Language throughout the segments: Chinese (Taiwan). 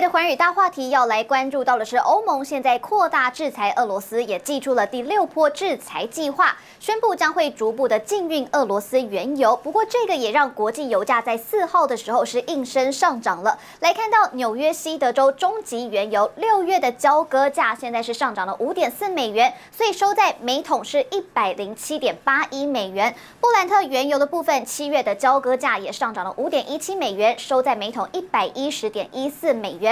的寰宇大話題要來關注到的是，歐盟現在擴大制裁俄羅斯，也祭出了第六波制裁計劃，宣布將會逐步的禁運俄羅斯原油。不過這個也讓國際油價在四號的時候是應聲上漲了。來看到紐約西德州中級原油六月的交割價現在是上漲了五點四美元，所以收在每桶是一百零七點八一美元。布蘭特原油的部分，七月的交割價也上漲了五點一七美元，收在每桶一百一十點一四美元。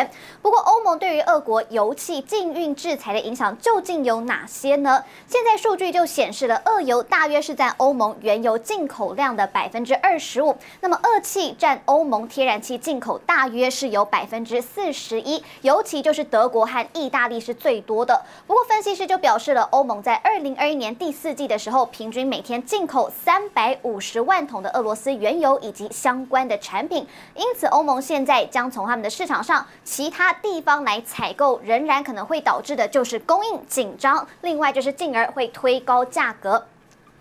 不過，歐盟對於俄國油氣禁運制裁的影響究竟有哪些呢？現在數據就顯示了，俄油大約是占歐盟原油進口量的百分之二十五，那麼俄氣占歐盟天然氣進口大約是有百分之四十一，尤其就是德國和意大利是最多的。不過，分析師就表示了，歐盟在二零二一年第四季的時候，平均每天進口三百五十萬桶的俄羅斯原油以及相關的產品，因此歐盟現在將從他們的市場上。其他地方來採購，仍然可能會導致的就是供應緊張，另外就是進而會推高價格。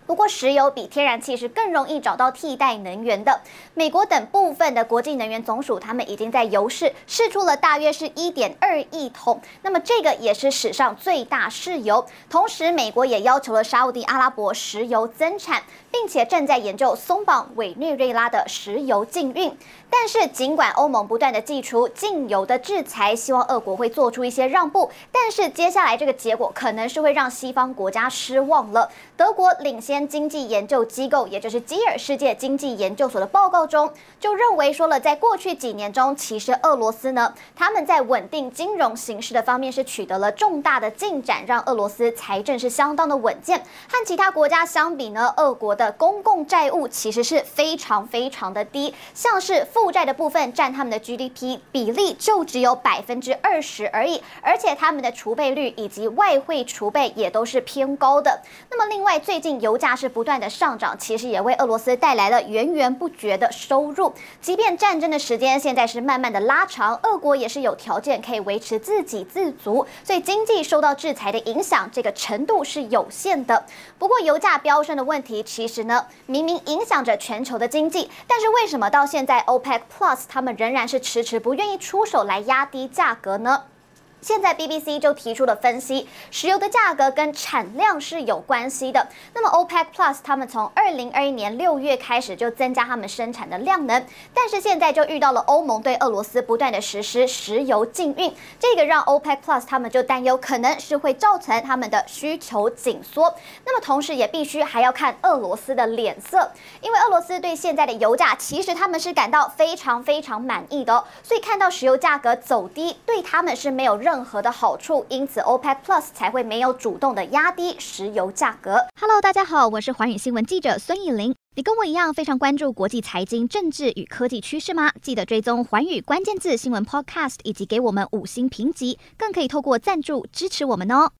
不過，石油比天然氣是更容易找到替代能源的。美國等部分的國際能源總署，他們已經在油市釋出了大約是一點二億桶，那麼這個也是史上最大釋油。同時，美國也要求了沙烏地阿拉伯石油增產，並且正在研究鬆綁委內瑞拉的石油禁運。但是，儘管歐盟不斷的祭出禁油的制裁，希望俄國會做出一些讓步，但是接下來這個結果可能是會讓西方國家失望了。德國領先。經濟研究機構，也就是基爾世界經濟研究所的報告中，就認為說了，在過去幾年中，其實俄羅斯呢，他們在穩定金融形勢的方面是取得了重大的進展，讓俄羅斯財政是相當的穩健。和其他國家相比呢，俄國的公共債務其實是非常非常的低，像是負債的部分佔他們的 GDP 比例就只有百分之二十而已，而且他們的儲備率以及外匯儲備也都是偏高的。那麼，另外最近有。價是不斷的上漲，其實也為俄羅斯帶來了源源不絕的收入。即便戰爭的時間現在是慢慢的拉長，俄國也是有條件可以維持自給自足，所以經濟受到制裁的影響這個程度是有限的。不過油價飆升的問題，其實呢，明明影響着全球的經濟，但是為什麼到現在 OPEC Plus 他們仍然是遲遲不願意出手來壓低價格呢？現在 BBC 就提出了分析，石油的價格跟產量是有關係的。那麼 OPEC Plus 他們從二零二一年六月開始就增加他們生產的量能，但是現在就遇到了歐盟對俄羅斯不斷地實施石油禁運，這個讓 OPEC Plus 他們就擔憂，可能是會造成他們的需求緊縮。那麼同時也必須還要看俄羅斯的臉色，因為俄羅斯對現在的油價其實他們是感到非常非常滿意的哦，所以看到石油價格走低對他們是沒有任。任何的好處，因此 OPEC Plus 才會沒有主動的壓低石油價格。Hello，大家好，我是寰宇新聞記者孫以琳。你跟我一樣非常關注國際財經、政治與科技趨勢嗎？記得追蹤寰宇關鍵字新聞 Podcast，以及給我們五星評級，更可以透過贊助支持我們哦。